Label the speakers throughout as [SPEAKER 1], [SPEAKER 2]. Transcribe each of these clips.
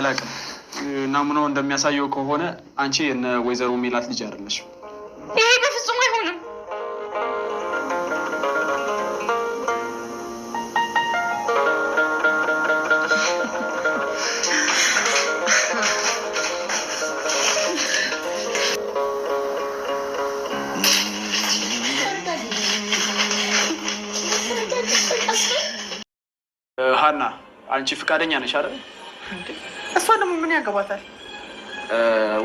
[SPEAKER 1] አላውቅም። ናሙናው እንደሚያሳየው ከሆነ አንቺ የነ ወይዘሮ ሜላት ልጅ አይደለሽ።
[SPEAKER 2] ይሄ በፍጹም አይሆንም።
[SPEAKER 1] ሀና አንቺ ፈቃደኛ ነሽ አይደል?
[SPEAKER 3] እሷ ደግሞ ምን ያገባታል?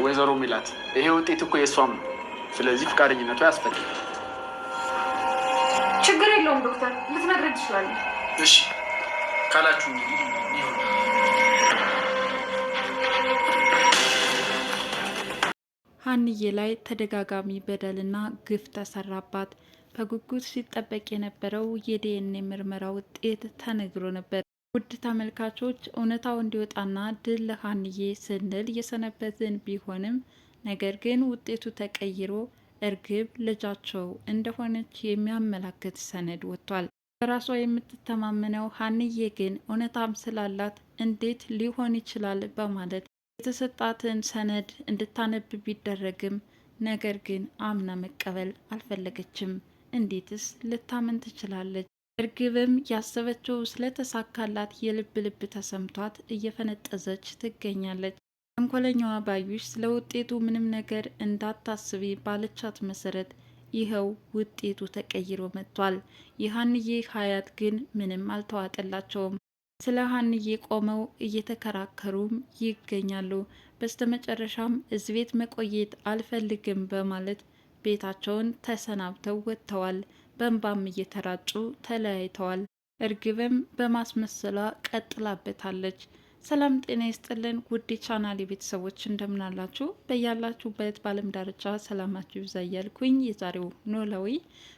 [SPEAKER 1] ወይዘሮ ሚላት ይሄ ውጤት እኮ የእሷም ነው። ስለዚህ ፈቃደኝነቱ ያስፈልግ።
[SPEAKER 3] ችግር የለውም ዶክተር፣ ልትነግረን ትችላለህ።
[SPEAKER 1] እሺ ካላችሁ
[SPEAKER 4] ሀንዬ ላይ ተደጋጋሚ በደልና ግፍ ተሰራባት። በጉጉት ሲጠበቅ የነበረው የዲኤንኤ ምርመራ ውጤት ተነግሮ ነበር። ውድ ተመልካቾች እውነታው እንዲወጣና ድል ለሀንዬ ስንል የሰነበትን ቢሆንም ነገር ግን ውጤቱ ተቀይሮ እርግብ ልጃቸው እንደሆነች የሚያመላክት ሰነድ ወጥቷል። በራሷ የምትተማመነው ሀንዬ ግን እውነታም ስላላት እንዴት ሊሆን ይችላል በማለት የተሰጣትን ሰነድ እንድታነብ ቢደረግም ነገር ግን አምና መቀበል አልፈለገችም። እንዴትስ ልታምን ትችላለች? እርግብም ያሰበችው ስለተሳካላት የልብ ልብ ተሰምቷት እየፈነጠዘች ትገኛለች። ተንኮለኛዋ ባዩሽ ስለ ውጤቱ ምንም ነገር እንዳታስቢ ባለቻት መሰረት ይኸው ውጤቱ ተቀይሮ መጥቷል። የሀንዬ ሀያት ግን ምንም አልተዋጠላቸውም። ስለ ሀንዬ ቆመው እየተከራከሩም ይገኛሉ። በስተመጨረሻም እዚህ ቤት መቆየት አልፈልግም በማለት ቤታቸውን ተሰናብተው ወጥተዋል። በእንባም እየተራጩ ተለያይተዋል። እርግብም በማስመሰሏ ቀጥላበታለች። ሰላም ጤና ይስጥልን ውድ ቻናል የቤተሰቦች እንደምናላችሁ በያላችሁበት በዓለም ዳርቻ ሰላማችሁ ይብዛ እያልኩኝ የዛሬው ኖላዊ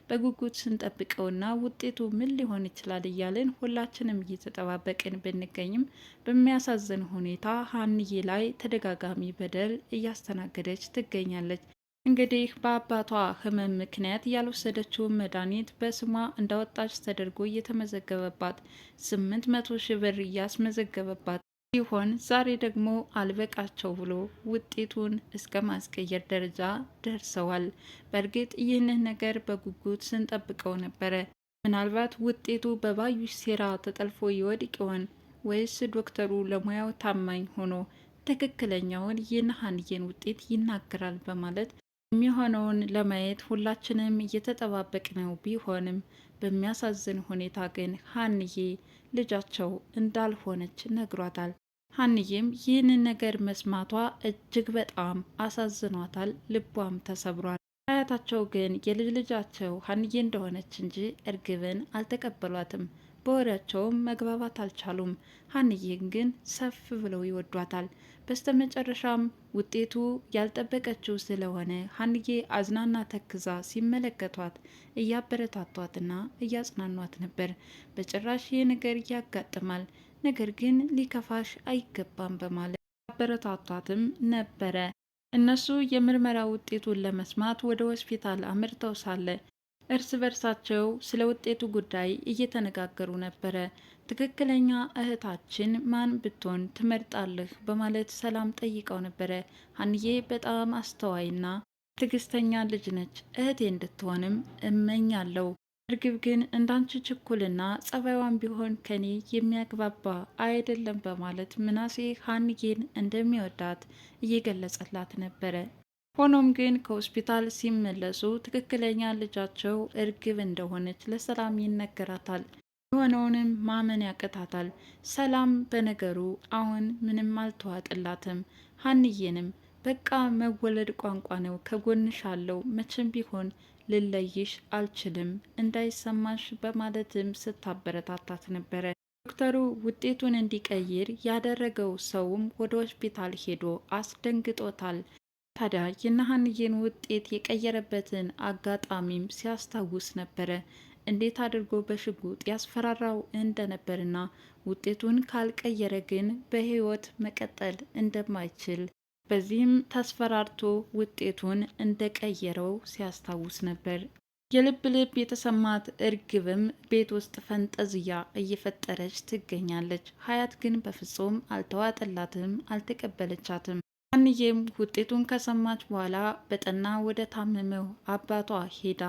[SPEAKER 4] በጉጉት ስንጠብቀውና ውጤቱ ምን ሊሆን ይችላል እያልን ሁላችንም እየተጠባበቅን ብንገኝም በሚያሳዝን ሁኔታ ሀንዬ ላይ ተደጋጋሚ በደል እያስተናገደች ትገኛለች። እንግዲህ በአባቷ ህመም ምክንያት ያልወሰደችው መድኃኒት በስሟ እንዳወጣች ተደርጎ እየተመዘገበባት ስምንት መቶ ሺህ ብር እያስመዘገበባት ሲሆን ዛሬ ደግሞ አልበቃቸው ብሎ ውጤቱን እስከ ማስቀየር ደረጃ ደርሰዋል። በእርግጥ ይህንን ነገር በጉጉት ስንጠብቀው ነበረ። ምናልባት ውጤቱ በባዩሽ ሴራ ተጠልፎ ይወድቅ ይሆን ወይስ ዶክተሩ ለሙያው ታማኝ ሆኖ ትክክለኛውን የነሐንዬን ውጤት ይናገራል በማለት የሚሆነውን ለማየት ሁላችንም እየተጠባበቅነው ቢሆንም በሚያሳዝን ሁኔታ ግን ሀንዬ ልጃቸው እንዳልሆነች ነግሯታል። ሀንዬም ይህንን ነገር መስማቷ እጅግ በጣም አሳዝኗታል፣ ልቧም ተሰብሯል። አያታቸው ግን የልጅ ልጃቸው ሀንዬ እንደሆነች እንጂ እርግብን አልተቀበሏትም። በወሬያቸውም መግባባት አልቻሉም። ሀንዬን ግን ሰፍ ብለው ይወዷታል። በስተመጨረሻም ውጤቱ ያልጠበቀችው ስለሆነ ሀንዬ አዝናና ተክዛ ሲመለከቷት እያበረታቷትና እያጽናኗት ነበር። በጭራሽ ይህ ነገር ያጋጥማል፣ ነገር ግን ሊከፋሽ አይገባም በማለት አበረታቷትም ነበረ። እነሱ የምርመራ ውጤቱን ለመስማት ወደ ሆስፒታል አምርተው ሳለ እርስ በርሳቸው ስለ ውጤቱ ጉዳይ እየተነጋገሩ ነበረ። ትክክለኛ እህታችን ማን ብትሆን ትመርጣለህ? በማለት ሰላም ጠይቀው ነበረ። ሀንዬ በጣም አስተዋይና ትግስተኛ ልጅ ነች፣ እህቴ እንድትሆንም እመኛለሁ። እርግብ ግን እንዳንቺ ችኩልና ጸባይዋን ቢሆን ከኔ የሚያግባባ አይደለም በማለት ምናሴ ሀንዬን እንደሚወዳት እየገለጸላት ነበረ። ሆኖም ግን ከሆስፒታል ሲመለሱ ትክክለኛ ልጃቸው እርግብ እንደሆነች ለሰላም ይነገራታል። የሆነውንም ማመን ያቅታታል። ሰላም በነገሩ አሁን ምንም አልተዋጥላትም። ሀንዬንም በቃ መወለድ ቋንቋ ነው፣ ከጎንሽ አለው፣ መቼም ቢሆን ልለይሽ አልችልም እንዳይሰማሽ በማለትም ስታበረታታት ነበረ። ዶክተሩ ውጤቱን እንዲቀይር ያደረገው ሰውም ወደ ሆስፒታል ሄዶ አስደንግጦታል። ታዲያ የነሀንዬን ውጤት የቀየረበትን አጋጣሚም ሲያስታውስ ነበረ። እንዴት አድርጎ በሽጉጥ ያስፈራራው እንደነበርና ውጤቱን ካልቀየረ ግን በህይወት መቀጠል እንደማይችል በዚህም ተስፈራርቶ ውጤቱን እንደቀየረው ሲያስታውስ ነበር። የልብ ልብ የተሰማት እርግብም ቤት ውስጥ ፈንጠዝያ እየፈጠረች ትገኛለች። ሀያት ግን በፍጹም አልተዋጠላትም፣ አልተቀበለቻትም። አንዬም ውጤቱን ከሰማች በኋላ በጠና ወደ ታመመው አባቷ ሄዳ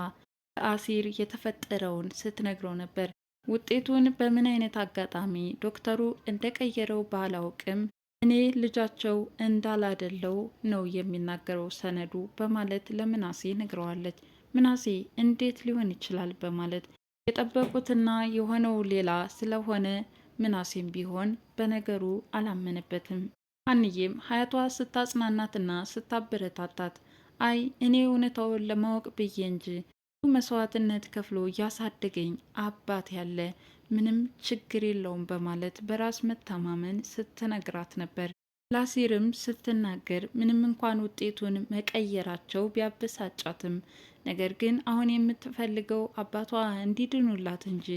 [SPEAKER 4] አሲር የተፈጠረውን ስትነግረው ነበር። ውጤቱን በምን አይነት አጋጣሚ ዶክተሩ እንደቀየረው ባላውቅም እኔ ልጃቸው እንዳላደለው ነው የሚናገረው ሰነዱ በማለት ለምናሴ ነግረዋለች። ምናሴ እንዴት ሊሆን ይችላል በማለት የጠበቁትና የሆነው ሌላ ስለሆነ ምናሴም ቢሆን በነገሩ አላመነበትም። አንዬም ሀያቷ ስታጽናናትና ስታበረታታት አይ እኔ እውነታውን ለማወቅ ብዬ እንጂ መስዋዕትነት ከፍሎ ያሳደገኝ አባት ያለ ምንም ችግር የለውም በማለት በራስ መተማመን ስትነግራት ነበር። ላሲርም ስትናገር ምንም እንኳን ውጤቱን መቀየራቸው ቢያበሳጫትም ነገር ግን አሁን የምትፈልገው አባቷ እንዲድኑላት እንጂ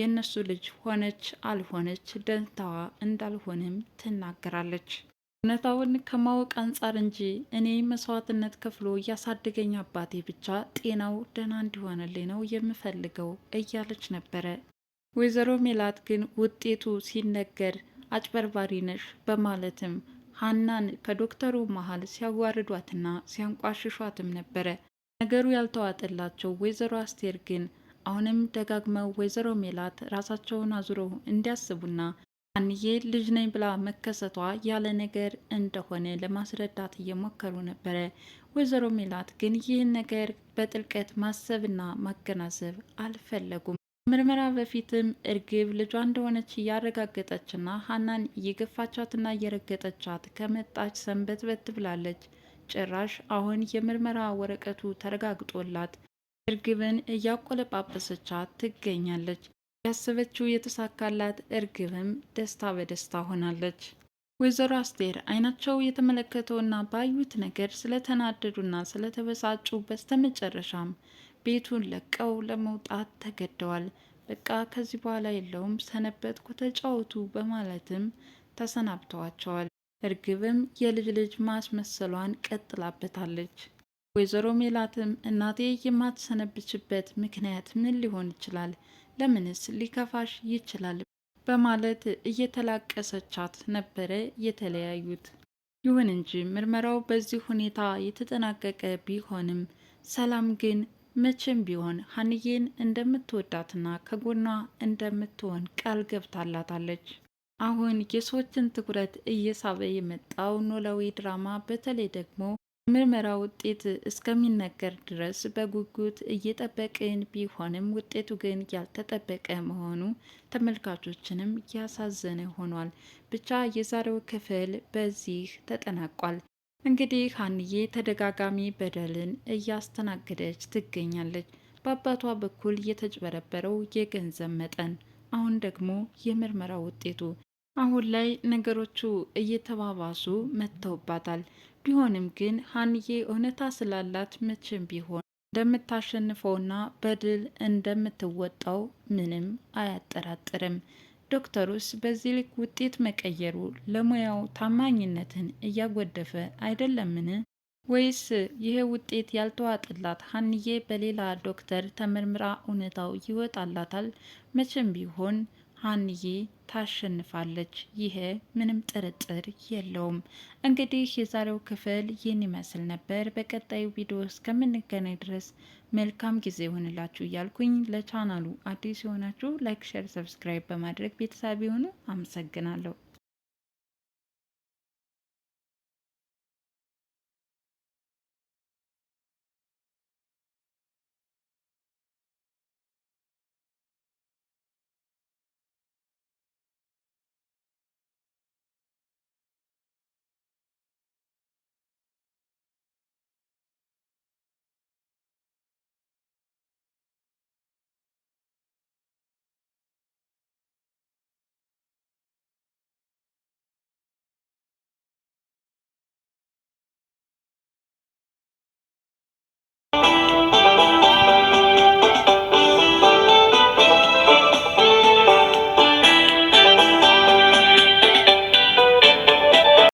[SPEAKER 4] የእነሱ ልጅ ሆነች አልሆነች ደንታዋ እንዳልሆነም ትናገራለች። እውነታውን ከማወቅ አንጻር እንጂ እኔ መስዋዕትነት ከፍሎ እያሳደገኝ አባቴ ብቻ ጤናው ደህና እንዲሆንልኝ ነው የምፈልገው እያለች ነበረ። ወይዘሮ ሜላት ግን ውጤቱ ሲነገር አጭበርባሪ ነሽ በማለትም ሀናን ከዶክተሩ መሀል ሲያዋርዷትና ሲያንቋሽሿትም ነበረ። ነገሩ ያልተዋጠላቸው ወይዘሮ አስቴር ግን አሁንም ደጋግመው ወይዘሮ ሜላት ራሳቸውን አዙረው እንዲያስቡና አንዬ ልጅ ነኝ ብላ መከሰቷ ያለ ነገር እንደሆነ ለማስረዳት እየሞከሩ ነበረ። ወይዘሮ ሜላት ግን ይህን ነገር በጥልቀት ማሰብና ማገናዘብ አልፈለጉም። ከምርመራ በፊትም እርግብ ልጇ እንደሆነች እያረጋገጠችና ሀናን እየገፋቻትና እየረገጠቻት ከመጣች ሰንበት በት ብላለች። ጭራሽ አሁን የምርመራ ወረቀቱ ተረጋግጦላት እርግብን እያቆለጳጰሰቻት ትገኛለች። ያሰበችው የተሳካላት እርግብም ደስታ በደስታ ሆናለች። ወይዘሮ አስቴር አይናቸው የተመለከተውና ባዩት ነገር ስለተናደዱና ስለተበሳጩ በስተመጨረሻም ቤቱን ለቀው ለመውጣት ተገደዋል። በቃ ከዚህ በኋላ የለውም ሰነበት ኮተጫወቱ በማለትም ተሰናብተዋቸዋል። እርግብም የልጅ ልጅ ማስመሰሏን ቀጥላበታለች። ወይዘሮ ሜላትም እናቴ የማትሰነብችበት ምክንያት ምን ሊሆን ይችላል? ለምንስ ሊከፋሽ ይችላል? በማለት እየተላቀሰቻት ነበረ የተለያዩት። ይሁን እንጂ ምርመራው በዚህ ሁኔታ የተጠናቀቀ ቢሆንም ሰላም ግን መቼም ቢሆን ሀንዬን እንደምትወዳትና ከጎኗ እንደምትሆን ቃል ገብታላታለች። አሁን የሰዎችን ትኩረት እየሳበ የመጣው ኖላዊ ድራማ በተለይ ደግሞ ምርመራ ውጤት እስከሚነገር ድረስ በጉጉት እየጠበቅን ቢሆንም ውጤቱ ግን ያልተጠበቀ መሆኑ ተመልካቾችንም ያሳዘነ ሆኗል። ብቻ የዛሬው ክፍል በዚህ ተጠናቋል። እንግዲህ ሀንዬ ተደጋጋሚ በደልን እያስተናገደች ትገኛለች። በአባቷ በኩል የተጭበረበረው የገንዘብ መጠን፣ አሁን ደግሞ የምርመራ ውጤቱ። አሁን ላይ ነገሮቹ እየተባባሱ መጥተውባታል። ቢሆንም ግን ሀንዬ እውነታ ስላላት መቼም ቢሆን እንደምታሸንፈውና በድል እንደምትወጣው ምንም አያጠራጥርም። ዶክተሩስ በዚህ ልክ ውጤት መቀየሩ ለሙያው ታማኝነትን እያጎደፈ አይደለምን? ወይስ ይሄ ውጤት ያልተዋጥላት ሀንዬ በሌላ ዶክተር ተመርምራ እውነታው ይወጣላታል? መቼም ቢሆን ሀንዬ ታሸንፋለች። ይሄ ምንም ጥርጥር የለውም። እንግዲህ የዛሬው ክፍል ይህን ይመስል ነበር። በቀጣዩ ቪዲዮ እስከምንገናኝ ድረስ መልካም ጊዜ ይሆንላችሁ እያልኩኝ ለቻናሉ አዲስ የሆናችሁ ላይክ፣ ሸር፣ ሰብስክራይብ በማድረግ ቤተሰብ የሆኑ አመሰግናለሁ።